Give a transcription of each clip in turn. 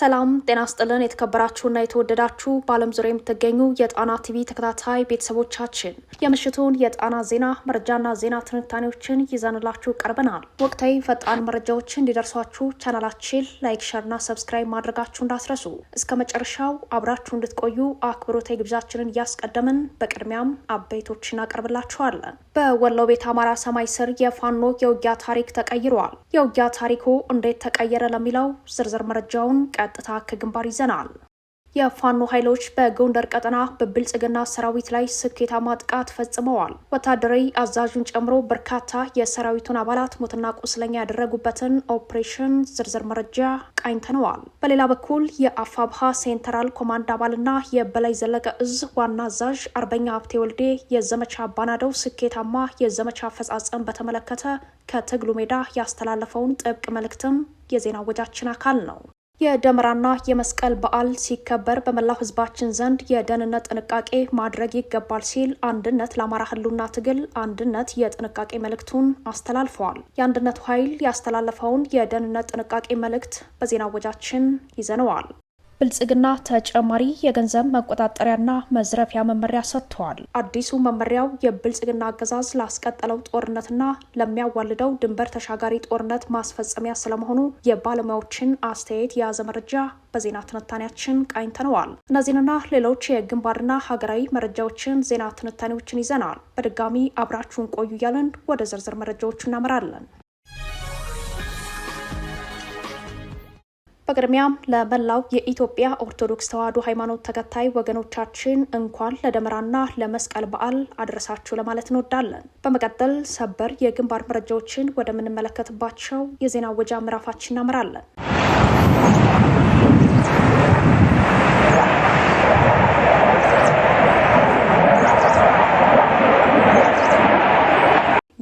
ሰላም ጤና ስጥልን። የተከበራችሁና የተወደዳችሁ በዓለም ዙሪያ የምትገኙ የጣና ቲቪ ተከታታይ ቤተሰቦቻችን የምሽቱን የጣና ዜና መረጃና ዜና ትንታኔዎችን ይዘንላችሁ ቀርበናል። ወቅታዊ ፈጣን መረጃዎችን እንዲደርሷችሁ ቻናላችን ላይክ፣ ሸርና ሰብስክራይብ ማድረጋችሁ እንዳስረሱ እስከ መጨረሻው አብራችሁ እንድትቆዩ አክብሮታዊ ግብዣችንን እያስቀደምን በቅድሚያም አበይቶች እናቀርብላችኋለን። በወሎ ቤት አማራ ሰማይ ስር የፋኖ የውጊያ ታሪክ ተቀይሯል። የውጊያ ታሪኩ እንዴት ተቀየረ ለሚለው ዝርዝር መረጃውን ቀ ቀጥታ ከግንባር ይዘናል። የፋኖ ኃይሎች በጎንደር ቀጠና በብልጽግና ሰራዊት ላይ ስኬታማ ጥቃት ፈጽመዋል። ወታደራዊ አዛዡን ጨምሮ በርካታ የሰራዊቱን አባላት ሞትና ቁስለኛ ያደረጉበትን ኦፕሬሽን ዝርዝር መረጃ ቃኝተነዋል። በሌላ በኩል የአፋብሃ ሴንትራል ኮማንድ አባልና የበላይ ዘለቀ እዝ ዋና አዛዥ አርበኛ ሀብቴ ወልዴ የዘመቻ ባናደው ስኬታማ የዘመቻ አፈጻጸም በተመለከተ ከትግሉ ሜዳ ያስተላለፈውን ጥብቅ መልእክትም የዜና ወጃችን አካል ነው። የደመራና የመስቀል በዓል ሲከበር በመላው ህዝባችን ዘንድ የደህንነት ጥንቃቄ ማድረግ ይገባል ሲል አንድነት ለአማራ ህልውና ትግል አንድነት የጥንቃቄ መልእክቱን አስተላልፈዋል። የአንድነቱ ኃይል ያስተላለፈውን የደህንነት ጥንቃቄ መልእክት በዜና ወጃችን ይዘነዋል። ብልጽግና ተጨማሪ የገንዘብ መቆጣጠሪያና መዝረፊያ መመሪያ ሰጥተዋል። አዲሱ መመሪያው የብልጽግና አገዛዝ ላስቀጠለው ጦርነትና ለሚያዋልደው ድንበር ተሻጋሪ ጦርነት ማስፈጸሚያ ስለመሆኑ የባለሙያዎችን አስተያየት የያዘ መረጃ በዜና ትንታኔያችን ቃኝተነዋል። እነዚህንና ሌሎች የግንባርና ሀገራዊ መረጃዎችን ዜና ትንታኔዎችን ይዘናል። በድጋሚ አብራችሁን ቆዩ እያለን ወደ ዝርዝር መረጃዎቹ እናመራለን። በቅድሚያም ለመላው የኢትዮጵያ ኦርቶዶክስ ተዋሕዶ ሃይማኖት ተከታይ ወገኖቻችን እንኳን ለደመራና ለመስቀል በዓል አድረሳችሁ ለማለት እንወዳለን። በመቀጠል ሰበር የግንባር መረጃዎችን ወደምንመለከትባቸው የዜና ወጃ ምዕራፋችን እናምራለን።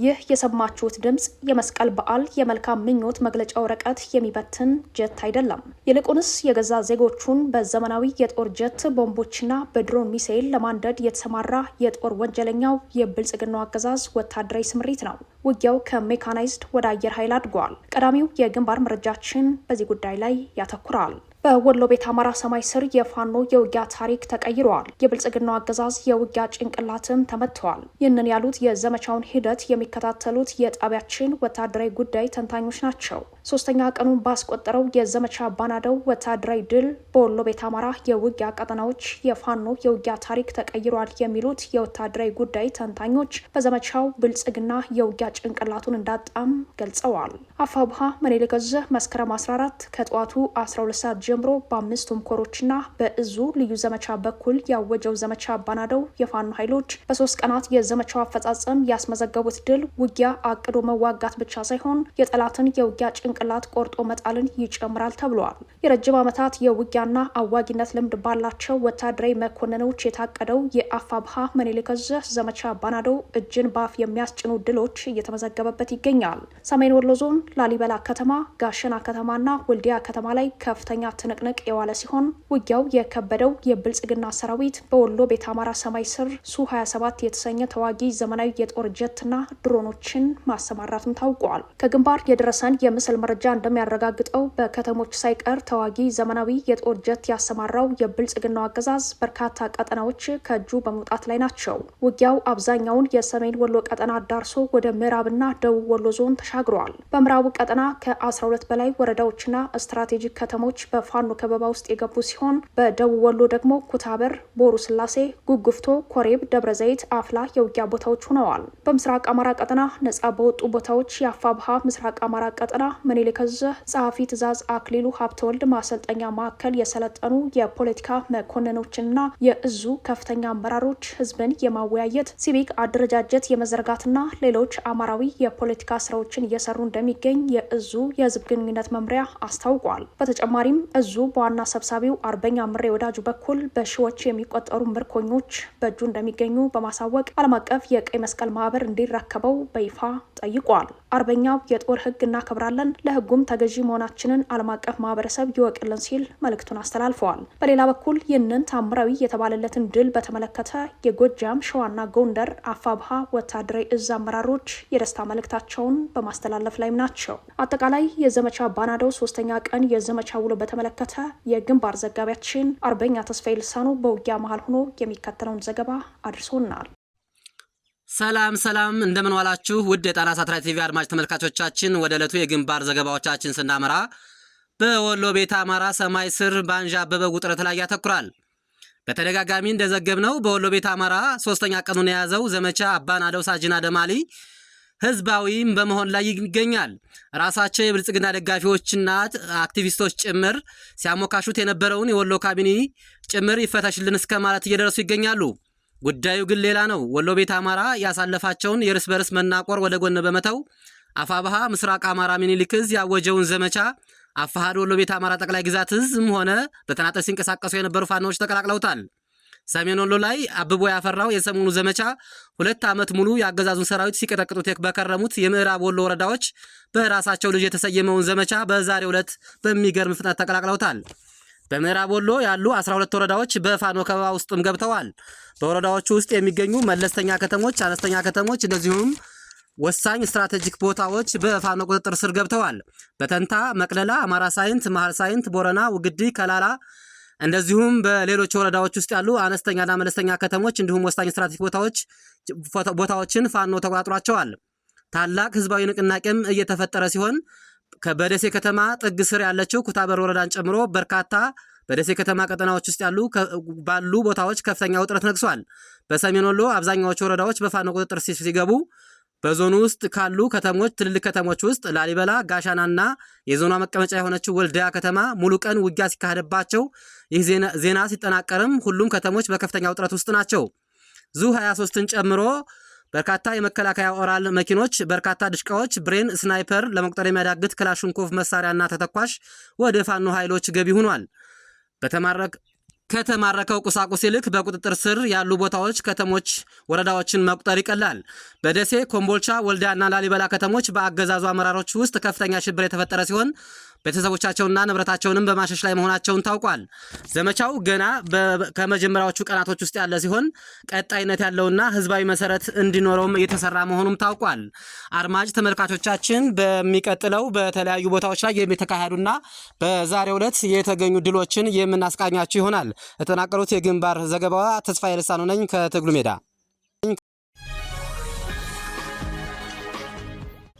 ይህ የሰማችሁት ድምፅ የመስቀል በዓል የመልካም ምኞት መግለጫ ወረቀት የሚበትን ጀት አይደለም። ይልቁንስ የገዛ ዜጎቹን በዘመናዊ የጦር ጀት ቦምቦችና በድሮን ሚሳኤል ለማንደድ የተሰማራ የጦር ወንጀለኛው የብልጽግናው አገዛዝ ወታደራዊ ስምሪት ነው። ውጊያው ከሜካናይዝድ ወደ አየር ኃይል አድጓል። ቀዳሚው የግንባር መረጃችን በዚህ ጉዳይ ላይ ያተኩራል። በወሎ ቤት አማራ ሰማይ ስር የፋኖ የውጊያ ታሪክ ተቀይረዋል። የብልጽግናው አገዛዝ የውጊያ ጭንቅላትም ተመትተዋል። ይህንን ያሉት የዘመቻውን ሂደት የሚከታተሉት የጣቢያችን ወታደራዊ ጉዳይ ተንታኞች ናቸው። ሶስተኛ ቀኑን ባስቆጠረው የዘመቻ ባናደው ወታደራዊ ድል በወሎ ቤት አማራ የውጊያ ቀጠናዎች የፋኖ የውጊያ ታሪክ ተቀይሯል የሚሉት የወታደራዊ ጉዳይ ተንታኞች በዘመቻው ብልጽግና የውጊያ ጭንቅላቱን እንዳጣም ገልጸዋል። አፋብሃ መኔልከዝህ መስከረም 14 ከጠዋቱ 12 ሰዓት ጀምሮ በአምስት ኮሮችና በእዙ ልዩ ዘመቻ በኩል ያወጀው ዘመቻ አባናደው የፋኖ ኃይሎች በሶስት ቀናት የዘመቻው አፈጻጸም ያስመዘገቡት ድል ውጊያ አቅዶ መዋጋት ብቻ ሳይሆን የጠላትን የውጊያ ጭንቅላት ቆርጦ መጣልን ይጨምራል ተብሏል። የረጅም ዓመታት የውጊያና አዋጊነት ልምድ ባላቸው ወታደራዊ መኮንኖች የታቀደው የአፋብሃ መኔሊከዘ ዘመቻ አባናደው እጅን ባፍ የሚያስጭኑ ድሎች እየተመዘገበበት ይገኛል። ሰሜን ወሎ ዞን ላሊበላ ከተማ፣ ጋሸና ከተማና ወልዲያ ከተማ ላይ ከፍተኛ ትንቅንቅ የዋለ ሲሆን ውጊያው የከበደው የብልጽግና ሰራዊት በወሎ ቤተ አማራ ሰማይ ስር ሱ 27 የተሰኘ ተዋጊ ዘመናዊ የጦር ጀትና ድሮኖችን ማሰማራትም ታውቋል። ከግንባር የደረሰን የምስል መረጃ እንደሚያረጋግጠው በከተሞች ሳይቀር ተዋጊ ዘመናዊ የጦር ጀት ያሰማራው የብልጽግናው አገዛዝ በርካታ ቀጠናዎች ከእጁ በመውጣት ላይ ናቸው። ውጊያው አብዛኛውን የሰሜን ወሎ ቀጠና ዳርሶ ወደ ምዕራብና ደቡብ ወሎ ዞን ተሻግሯል። በምዕራቡ ቀጠና ከ12 በላይ ወረዳዎችና ስትራቴጂክ ከተሞች በ በፋኖ ከበባ ውስጥ የገቡ ሲሆን በደቡብ ወሎ ደግሞ ኩታበር፣ ቦሩ ስላሴ፣ ጉጉፍቶ፣ ኮሬብ፣ ደብረ ዘይት፣ አፍላ የውጊያ ቦታዎች ሆነዋል። በምስራቅ አማራ ቀጠና ነጻ በወጡ ቦታዎች የአፋብሃ ምስራቅ አማራ ቀጠና ምኒልክ ዕዝ ጸሐፊ ትእዛዝ አክሊሉ ሀብተወልድ ማሰልጠኛ ማዕከል የሰለጠኑ የፖለቲካ መኮንኖችንና የእዙ ከፍተኛ አመራሮች ህዝብን የማወያየት ሲቪክ አደረጃጀት የመዘርጋትና ሌሎች አማራዊ የፖለቲካ ስራዎችን እየሰሩ እንደሚገኝ የእዙ የህዝብ ግንኙነት መምሪያ አስታውቋል። በተጨማሪም እዙ በዋና ሰብሳቢው አርበኛ ምሬ ወዳጁ በኩል በሺዎች የሚቆጠሩ ምርኮኞች በእጁ እንደሚገኙ በማሳወቅ ዓለም አቀፍ የቀይ መስቀል ማህበር እንዲረከበው በይፋ ጠይቋል። አርበኛው የጦር ህግ እናከብራለን፣ ለህጉም ተገዢ መሆናችንን ዓለም አቀፍ ማህበረሰብ ይወቅልን ሲል መልእክቱን አስተላልፈዋል። በሌላ በኩል ይህንን ታምራዊ የተባለለትን ድል በተመለከተ የጎጃም ሸዋና ጎንደር አፋብሃ ወታደራዊ እዝ አመራሮች የደስታ መልእክታቸውን በማስተላለፍ ላይም ናቸው። አጠቃላይ የዘመቻ ባናዳው ሶስተኛ ቀን የዘመቻ ውሎ በተመለከተ የግንባር ዘጋቢያችን አርበኛ ተስፋዬ ልሳኑ በውጊያ መሀል ሆኖ የሚከተለውን ዘገባ አድርሶናል። ሰላም ሰላም እንደምን ዋላችሁ ውድ የጣና ሳትላይት ቲቪ አድማጭ ተመልካቾቻችን፣ ወደ ዕለቱ የግንባር ዘገባዎቻችን ስናመራ በወሎ ቤተ አማራ ሰማይ ስር አበበ ውጥረት ላይ ያተኩራል። በተደጋጋሚ እንደዘገብነው በወሎ ቤተ አማራ ሶስተኛ ቀኑን የያዘው ዘመቻ አባናደው ሳጅን ደማሊ ህዝባዊም በመሆን ላይ ይገኛል። ራሳቸው የብልጽግና ደጋፊዎችና አክቲቪስቶች ጭምር ሲያሞካሹት የነበረውን የወሎ ካቢኔ ጭምር ይፈተሽልን እስከ ማለት እየደረሱ ይገኛሉ። ጉዳዩ ግን ሌላ ነው። ወሎ ቤት አማራ ያሳለፋቸውን የእርስ በርስ መናቆር ወደ ጎን በመተው አፋብሃ ምስራቅ አማራ ሚኒሊክ እዝ ያወጀውን ዘመቻ አፋሃድ ወሎ ቤት አማራ ጠቅላይ ግዛት እዝም ሆነ በተናጠል ሲንቀሳቀሱ የነበሩ ፋኖዎች ተቀላቅለውታል። ሰሜን ወሎ ላይ አብቦ ያፈራው የሰሞኑ ዘመቻ ሁለት ዓመት ሙሉ የአገዛዙን ሰራዊት ሲቀጠቅጡት በከረሙት የምዕራብ ወሎ ወረዳዎች በራሳቸው ልጅ የተሰየመውን ዘመቻ በዛሬው ዕለት በሚገርም ፍጥነት ተቀላቅለውታል። በምዕራብ ወሎ ያሉ 12 ወረዳዎች በፋኖ ከበባ ውስጥም ገብተዋል። በወረዳዎቹ ውስጥ የሚገኙ መለስተኛ ከተሞች፣ አነስተኛ ከተሞች እንደዚሁም ወሳኝ ስትራቴጂክ ቦታዎች በፋኖ ቁጥጥር ስር ገብተዋል። በተንታ፣ መቅለላ፣ አማራ ሳይንት፣ መሀል ሳይንት፣ ቦረና፣ ውግዲ፣ ከላላ እንደዚሁም በሌሎች ወረዳዎች ውስጥ ያሉ አነስተኛና መለስተኛ ከተሞች እንዲሁም ወሳኝ ስትራቴጂክ ቦታዎች ቦታዎችን ፋኖ ተቆጣጥሯቸዋል። ታላቅ ህዝባዊ ንቅናቄም እየተፈጠረ ሲሆን በደሴ ከተማ ጥግ ስር ያለችው ኩታበር ወረዳን ጨምሮ በርካታ በደሴ ከተማ ቀጠናዎች ውስጥ ያሉ ባሉ ቦታዎች ከፍተኛ ውጥረት ነግሷል። በሰሜን ወሎ አብዛኛዎቹ ወረዳዎች በፋኖ ቁጥጥር ሲገቡ በዞኑ ውስጥ ካሉ ከተሞች ትልልቅ ከተሞች ውስጥ ላሊበላ፣ ጋሻናና የዞኗ መቀመጫ የሆነችው ወልዲያ ከተማ ሙሉ ቀን ውጊያ ሲካሄድባቸው ይህ ዜና ሲጠናቀርም ሁሉም ከተሞች በከፍተኛ ውጥረት ውስጥ ናቸው። ዙ 23ን ጨምሮ በርካታ የመከላከያ ኦራል መኪኖች፣ በርካታ ድሽቃዎች፣ ብሬን፣ ስናይፐር፣ ለመቁጠር የሚያዳግት ክላሽንኮቭ መሳሪያና ተተኳሽ ወደ ፋኖ ኃይሎች ገቢ ሆኗል። ከተማረከው ቁሳቁስ ይልቅ በቁጥጥር ስር ያሉ ቦታዎች፣ ከተሞች፣ ወረዳዎችን መቁጠር ይቀላል። በደሴ ኮምቦልቻ፣ ወልዲያና ላሊበላ ከተሞች በአገዛዙ አመራሮች ውስጥ ከፍተኛ ሽብር የተፈጠረ ሲሆን ቤተሰቦቻቸውንና ንብረታቸውንም በማሸሽ ላይ መሆናቸውን ታውቋል። ዘመቻው ገና ከመጀመሪያዎቹ ቀናቶች ውስጥ ያለ ሲሆን ቀጣይነት ያለውና ህዝባዊ መሰረት እንዲኖረውም እየተሰራ መሆኑም ታውቋል። አድማጭ ተመልካቾቻችን በሚቀጥለው በተለያዩ ቦታዎች ላይ የሚተካሄዱና በዛሬው ዕለት የተገኙ ድሎችን የምናስቃኛችሁ ይሆናል። የተጠናቀሩት የግንባር ዘገባዋ ተስፋ የልሳኑ ነኝ ከትግሉ ሜዳ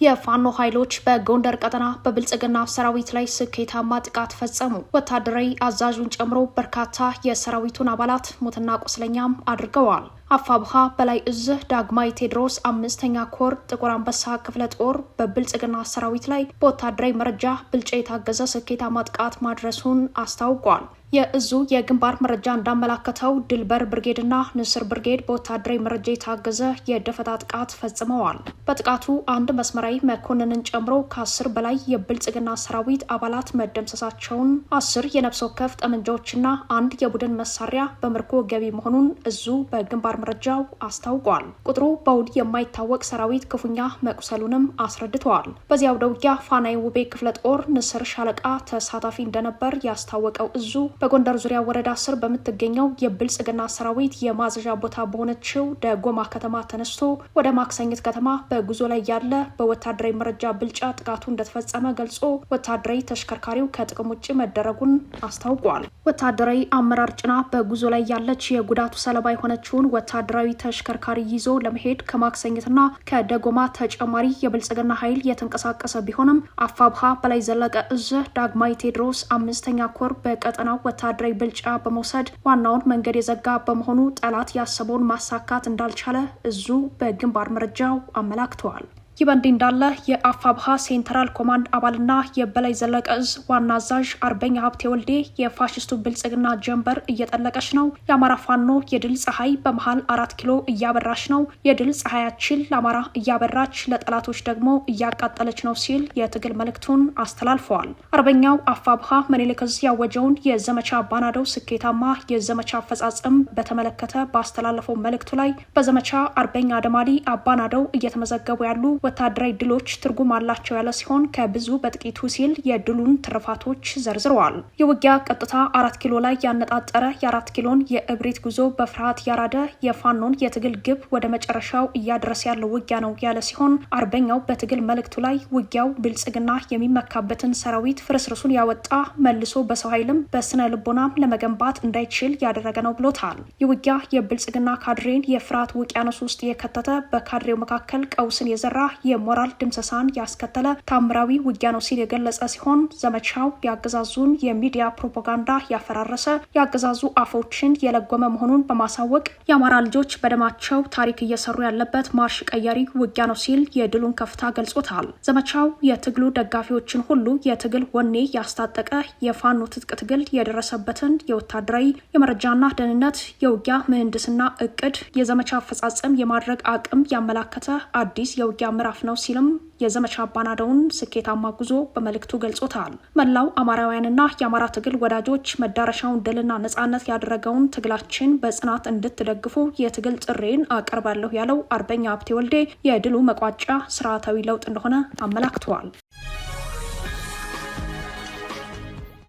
የፋኖ ኃይሎች በጎንደር ቀጠና በብልጽግና ሰራዊት ላይ ስኬታማ ጥቃት ፈጸሙ። ወታደራዊ አዛዡን ጨምሮ በርካታ የሰራዊቱን አባላት ሞትና ቁስለኛም አድርገዋል። አፋብሃ በላይ እዝ ዳግማዊ ቴዎድሮስ አምስተኛ ኮር ጥቁር አንበሳ ክፍለ ጦር በብልጽግና ሰራዊት ላይ በወታደራዊ መረጃ ብልጫ የታገዘ ስኬታማ ጥቃት ማድረሱን አስታውቋል። የእዙ የግንባር መረጃ እንዳመላከተው ድልበር ብርጌድና ንስር ብርጌድ በወታደራዊ መረጃ የታገዘ የደፈጣ ጥቃት ፈጽመዋል። በጥቃቱ አንድ መስመራዊ መኮንንን ጨምሮ ከአስር በላይ የብልጽግና ሰራዊት አባላት መደምሰሳቸውን፣ አስር የነፍስ ወከፍ ጠመንጃዎችና አንድ የቡድን መሳሪያ በምርኮ ገቢ መሆኑን እዙ በግንባር መረጃው አስታውቋል። ቁጥሩ በውል የማይታወቅ ሰራዊት ክፉኛ መቁሰሉንም አስረድተዋል። በዚያው ደውጊያ ፋናይ ውቤ ክፍለ ጦር ንስር ሻለቃ ተሳታፊ እንደነበር ያስታወቀው እዙ በጎንደር ዙሪያ ወረዳ ስር በምትገኘው የብልጽግና ሰራዊት የማዘዣ ቦታ በሆነችው ደጎማ ከተማ ተነስቶ ወደ ማክሰኝት ከተማ በጉዞ ላይ ያለ በወታደራዊ መረጃ ብልጫ ጥቃቱ እንደተፈጸመ ገልጾ ወታደራዊ ተሽከርካሪው ከጥቅም ውጭ መደረጉን አስታውቋል። ወታደራዊ አመራር ጭና በጉዞ ላይ ያለች የጉዳቱ ሰለባ የሆነችውን ወታደራዊ ተሽከርካሪ ይዞ ለመሄድ ከማክሰኝትና ከደጎማ ተጨማሪ የብልጽግና ኃይል የተንቀሳቀሰ ቢሆንም አፋብሃ በላይ ዘለቀ እዝ ዳግማዊ ቴዎድሮስ አምስተኛ ኮር በቀጠናው ወታደራዊ ብልጫ በመውሰድ ዋናውን መንገድ የዘጋ በመሆኑ ጠላት ያሰበውን ማሳካት እንዳልቻለ እዙ በግንባር መረጃው አመላክተዋል። ይህ በእንዲህ እንዳለ የአፋብሃ ሴንትራል ኮማንድ አባልና የበላይ ዘለቀ እዝ ዋና አዛዥ አርበኛ ሀብቴ ወልዴ የፋሽስቱ ብልጽግና ጀንበር እየጠለቀች ነው፣ የአማራ ፋኖ የድል ፀሐይ በመሀል አራት ኪሎ እያበራች ነው፣ የድል ፀሐያችን ለአማራ እያበራች ለጠላቶች ደግሞ እያቃጠለች ነው ሲል የትግል መልእክቱን አስተላልፈዋል። አርበኛው አፋብሃ መኔልክ እዝ ያወጀውን የዘመቻ ባናደው ስኬታማ የዘመቻ አፈጻጸም በተመለከተ ባስተላለፈው መልእክቱ ላይ በዘመቻ አርበኛ አደማሊ አባናደው እየተመዘገቡ ያሉ ወታደራዊ ድሎች ትርጉም አላቸው ያለ ሲሆን ከብዙ በጥቂቱ ሲል የድሉን ትርፋቶች ዘርዝረዋል። የውጊያ ቀጥታ አራት ኪሎ ላይ ያነጣጠረ የአራት ኪሎን የእብሪት ጉዞ በፍርሃት ያራደ የፋኖን የትግል ግብ ወደ መጨረሻው እያደረሰ ያለው ውጊያ ነው ያለ ሲሆን አርበኛው በትግል መልእክቱ ላይ ውጊያው ብልጽግና የሚመካበትን ሰራዊት ፍርስርሱን ያወጣ መልሶ በሰው ኃይልም በስነ ልቦናም ለመገንባት እንዳይችል ያደረገ ነው ብሎታል። የውጊያ የብልጽግና ካድሬን የፍርሃት ውቅያኖስ ውስጥ የከተተ በካድሬው መካከል ቀውስን የዘራ የሞራል ድምሰሳን ያስከተለ ታምራዊ ውጊያ ነው ሲል የገለጸ ሲሆን ዘመቻው የአገዛዙን የሚዲያ ፕሮፓጋንዳ ያፈራረሰ፣ የአገዛዙ አፎችን የለጎመ መሆኑን በማሳወቅ የአማራ ልጆች በደማቸው ታሪክ እየሰሩ ያለበት ማርሽ ቀያሪ ውጊያ ነው ሲል የድሉን ከፍታ ገልጾታል። ዘመቻው የትግሉ ደጋፊዎችን ሁሉ የትግል ወኔ ያስታጠቀ የፋኖ ትጥቅ ትግል የደረሰበትን የወታደራዊ የመረጃና ደህንነት የውጊያ ምህንድስና እቅድ የዘመቻ አፈጻጸም የማድረግ አቅም ያመላከተ አዲስ የውጊያ ምራ ምዕራፍ ነው ሲልም የዘመቻ አባናደውን ስኬታማ ጉዞ በመልእክቱ ገልጾታል። መላው አማራውያንና የአማራ ትግል ወዳጆች መዳረሻውን ድልና ነጻነት ያደረገውን ትግላችን በጽናት እንድትደግፉ የትግል ጥሬን አቀርባለሁ ያለው አርበኛ ሀብቴ ወልዴ የድሉ መቋጫ ስርዓታዊ ለውጥ እንደሆነ አመላክተዋል።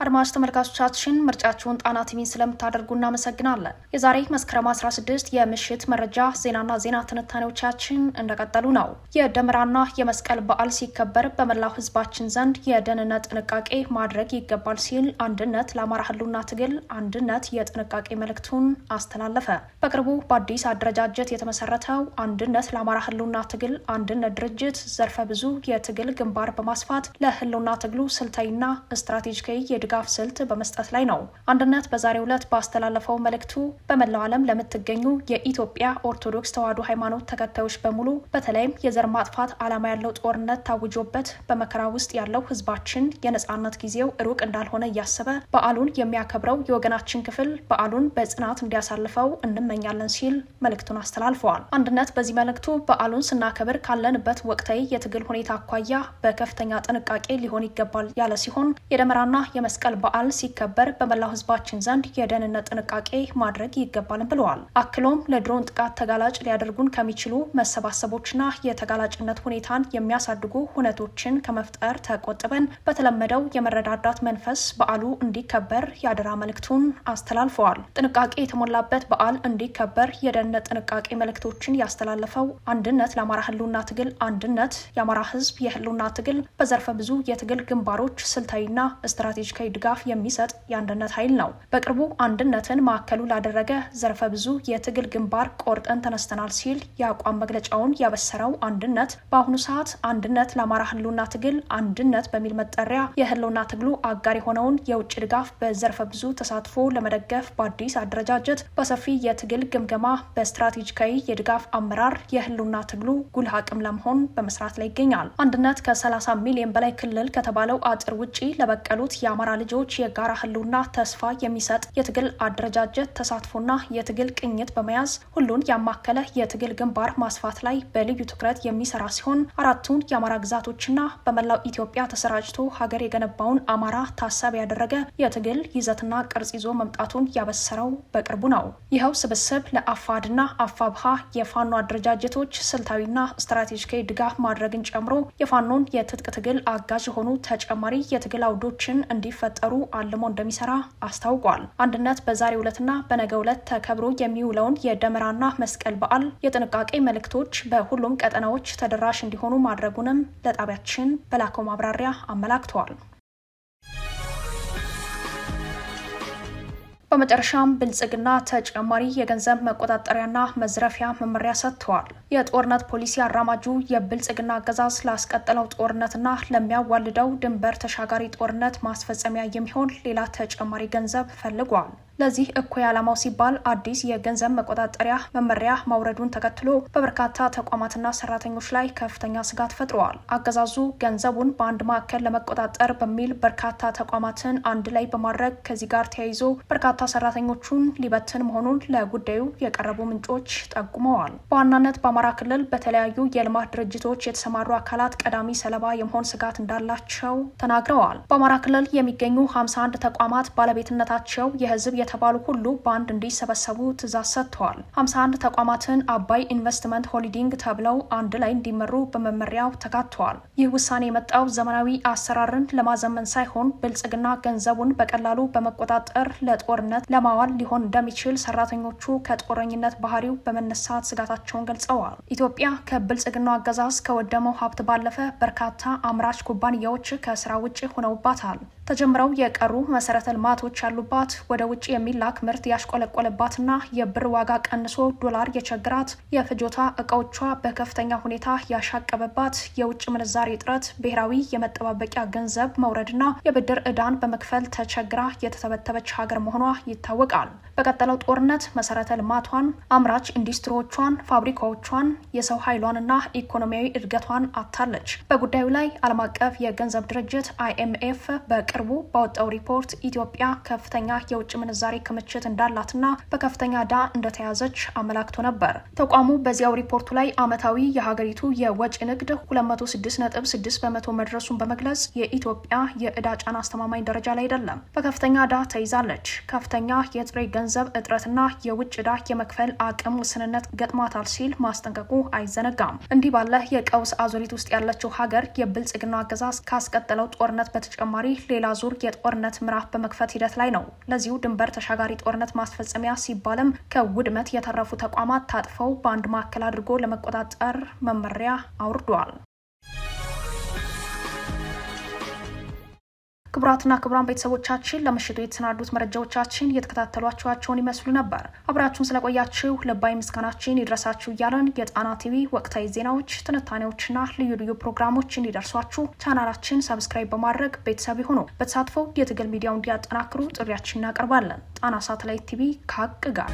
አድማጭ ተመልካቾቻችን ምርጫችሁን ጣና ቲቪን ስለምታደርጉ እናመሰግናለን። የዛሬ መስከረም 16 የምሽት መረጃ ዜናና ዜና ትንታኔዎቻችን እንደቀጠሉ ነው። የደመራና የመስቀል በዓል ሲከበር በመላው ሕዝባችን ዘንድ የደህንነት ጥንቃቄ ማድረግ ይገባል ሲል አንድነት ለአማራ ህልውና ትግል አንድነት የጥንቃቄ መልእክቱን አስተላለፈ። በቅርቡ በአዲስ አደረጃጀት የተመሰረተው አንድነት ለአማራ ህልውና ትግል አንድነት ድርጅት ዘርፈ ብዙ የትግል ግንባር በማስፋት ለህልውና ትግሉ ስልታዊና ስትራቴጂካዊ የድጋፍ ስልት በመስጠት ላይ ነው። አንድነት በዛሬው ዕለት ባስተላለፈው መልእክቱ በመላው ዓለም ለምትገኙ የኢትዮጵያ ኦርቶዶክስ ተዋሕዶ ሃይማኖት ተከታዮች በሙሉ በተለይም የዘር ማጥፋት ዓላማ ያለው ጦርነት ታውጆበት በመከራ ውስጥ ያለው ህዝባችን የነፃነት ጊዜው ሩቅ እንዳልሆነ እያሰበ በዓሉን የሚያከብረው የወገናችን ክፍል በዓሉን በጽናት እንዲያሳልፈው እንመኛለን ሲል መልእክቱን አስተላልፈዋል። አንድነት በዚህ መልእክቱ በዓሉን ስናከብር ካለንበት ወቅታዊ የትግል ሁኔታ አኳያ በከፍተኛ ጥንቃቄ ሊሆን ይገባል ያለ ሲሆን የደመራና የመስ መስቀል በዓል ሲከበር በመላው ሕዝባችን ዘንድ የደህንነት ጥንቃቄ ማድረግ ይገባል ብለዋል። አክሎም ለድሮን ጥቃት ተጋላጭ ሊያደርጉን ከሚችሉ መሰባሰቦችና የተጋላጭነት ሁኔታን የሚያሳድጉ ሁነቶችን ከመፍጠር ተቆጥበን በተለመደው የመረዳዳት መንፈስ በዓሉ እንዲከበር የአደራ መልእክቱን አስተላልፈዋል። ጥንቃቄ የተሞላበት በዓል እንዲከበር የደህንነት ጥንቃቄ መልእክቶችን ያስተላለፈው አንድነት ለአማራ ህልውና ትግል አንድነት የአማራ ሕዝብ የህልውና ትግል በዘርፈ ብዙ የትግል ግንባሮች ስልታዊና ስትራቴጂካዊ ድጋፍ የሚሰጥ የአንድነት ኃይል ነው። በቅርቡ አንድነትን ማዕከሉ ላደረገ ዘርፈ ብዙ የትግል ግንባር ቆርጠን ተነስተናል ሲል የአቋም መግለጫውን ያበሰረው አንድነት በአሁኑ ሰዓት አንድነት ለአማራ ህልውና ትግል አንድነት በሚል መጠሪያ የህልውና ትግሉ አጋር የሆነውን የውጭ ድጋፍ በዘርፈ ብዙ ተሳትፎ ለመደገፍ በአዲስ አደረጃጀት በሰፊ የትግል ግምገማ በስትራቴጂካዊ የድጋፍ አመራር የህልውና ትግሉ ጉልህ አቅም ለመሆን በመስራት ላይ ይገኛል። አንድነት ከ30 ሚሊዮን በላይ ክልል ከተባለው አጥር ውጪ ለበቀሉት የአማራ ልጆች የጋራ ህልውና ተስፋ የሚሰጥ የትግል አደረጃጀት ተሳትፎና የትግል ቅኝት በመያዝ ሁሉን ያማከለ የትግል ግንባር ማስፋት ላይ በልዩ ትኩረት የሚሰራ ሲሆን አራቱን የአማራ ግዛቶችና በመላው ኢትዮጵያ ተሰራጭቶ ሀገር የገነባውን አማራ ታሳቢ ያደረገ የትግል ይዘትና ቅርጽ ይዞ መምጣቱን ያበሰረው በቅርቡ ነው። ይኸው ስብስብ ለአፋድና አፋብሃ የፋኖ አደረጃጀቶች ስልታዊና ስትራቴጂካዊ ድጋፍ ማድረግን ጨምሮ የፋኖን የትጥቅ ትግል አጋዥ የሆኑ ተጨማሪ የትግል አውዶችን እንዲፈ እንዲፈጠሩ አልሞ እንደሚሰራ አስታውቋል። አንድነት በዛሬው ዕለትና በነገው ዕለት ተከብሮ የሚውለውን የደመራና መስቀል በዓል የጥንቃቄ መልእክቶች በሁሉም ቀጠናዎች ተደራሽ እንዲሆኑ ማድረጉንም ለጣቢያችን በላከው ማብራሪያ አመላክተዋል። በመጨረሻም ብልጽግና ተጨማሪ የገንዘብ መቆጣጠሪያና መዝረፊያ መመሪያ ሰጥተዋል። የጦርነት ፖሊሲ አራማጁ የብልጽግና አገዛዝ ላስቀጠለው ጦርነትና ለሚያዋልደው ድንበር ተሻጋሪ ጦርነት ማስፈጸሚያ የሚሆን ሌላ ተጨማሪ ገንዘብ ፈልጓል። ለዚህ እኩይ ዓላማው ሲባል አዲስ የገንዘብ መቆጣጠሪያ መመሪያ ማውረዱን ተከትሎ በበርካታ ተቋማትና ሰራተኞች ላይ ከፍተኛ ስጋት ፈጥረዋል። አገዛዙ ገንዘቡን በአንድ ማዕከል ለመቆጣጠር በሚል በርካታ ተቋማትን አንድ ላይ በማድረግ ከዚህ ጋር ተያይዞ በርካታ ሰራተኞቹን ሊበትን መሆኑን ለጉዳዩ የቀረቡ ምንጮች ጠቁመዋል። በዋናነት በአማራ ክልል በተለያዩ የልማት ድርጅቶች የተሰማሩ አካላት ቀዳሚ ሰለባ የመሆን ስጋት እንዳላቸው ተናግረዋል። በአማራ ክልል የሚገኙ 51 ተቋማት ባለቤትነታቸው የህዝብ የተባሉ ሁሉ በአንድ እንዲሰበሰቡ ትእዛዝ ሰጥተዋል። 51 ተቋማትን አባይ ኢንቨስትመንት ሆልዲንግ ተብለው አንድ ላይ እንዲመሩ በመመሪያው ተካተዋል። ይህ ውሳኔ የመጣው ዘመናዊ አሰራርን ለማዘመን ሳይሆን ብልጽግና ገንዘቡን በቀላሉ በመቆጣጠር ለጦርነት ለማዋል ሊሆን እንደሚችል ሰራተኞቹ ከጦረኝነት ባህሪው በመነሳት ስጋታቸውን ገልጸዋል። ኢትዮጵያ ከብልጽግና አገዛዝ ከወደመው ሀብት ባለፈ በርካታ አምራች ኩባንያዎች ከስራ ውጭ ሆነውባታል። ተጀምረው የቀሩ መሰረተ ልማቶች ያሉባት ወደ ውጭ የሚላክ ምርት ያሽቆለቆለባትና የብር ዋጋ ቀንሶ ዶላር የቸግራት የፍጆታ እቃዎቿ በከፍተኛ ሁኔታ ያሻቀበባት የውጭ ምንዛሬ እጥረት ብሔራዊ የመጠባበቂያ ገንዘብ መውረድና የብድር ዕዳን በመክፈል ተቸግራ የተተበተበች ሀገር መሆኗ ይታወቃል። በቀጠለው ጦርነት መሰረተ ልማቷን፣ አምራች ኢንዱስትሪዎቿን፣ ፋብሪካዎቿን፣ የሰው ኃይሏንና ኢኮኖሚያዊ እድገቷን አታለች። በጉዳዩ ላይ ዓለም አቀፍ የገንዘብ ድርጅት አይኤምኤፍ በቅር በቅርቡ ባወጣው ሪፖርት ኢትዮጵያ ከፍተኛ የውጭ ምንዛሬ ክምችት እንዳላትና በከፍተኛ ዕዳ እንደተያዘች አመላክቶ ነበር። ተቋሙ በዚያው ሪፖርቱ ላይ አመታዊ የሀገሪቱ የወጪ ንግድ 206.6 በመቶ መድረሱን በመግለጽ የኢትዮጵያ የዕዳ ጫና አስተማማኝ ደረጃ ላይ አይደለም፣ በከፍተኛ ዕዳ ተይዛለች፣ ከፍተኛ የጥሬ ገንዘብ እጥረትና የውጭ ዕዳ የመክፈል አቅም ውስንነት ገጥማታል ሲል ማስጠንቀቁ አይዘነጋም። እንዲህ ባለ የቀውስ አዙሪት ውስጥ ያለችው ሀገር የብልጽግና አገዛዝ ካስቀጠለው ጦርነት በተጨማሪ ሌላ ዙር የጦርነት ምዕራፍ በመክፈት ሂደት ላይ ነው። ለዚሁ ድንበር ተሻጋሪ ጦርነት ማስፈጸሚያ ሲባልም ከውድመት የተረፉ ተቋማት ታጥፈው በአንድ ማዕከል አድርጎ ለመቆጣጠር መመሪያ አውርዷል። ክቡራትና ክቡራን ቤተሰቦቻችን ለምሽቱ የተሰናዱት መረጃዎቻችን እየተከታተሏችኋቸውን ይመስሉ ነበር። አብራችሁን ስለቆያችሁ ልባዊ ምስጋናችን ይድረሳችሁ እያለን የጣና ቲቪ ወቅታዊ ዜናዎች፣ ትንታኔዎችና ልዩ ልዩ ፕሮግራሞች እንዲደርሷችሁ ቻናላችን ሰብስክራይብ በማድረግ ቤተሰብ ሆኖ በተሳትፎ የትግል ሚዲያውን እንዲያጠናክሩ ጥሪያችን እናቀርባለን። ጣና ሳተላይት ቲቪ ከሀቅ ጋር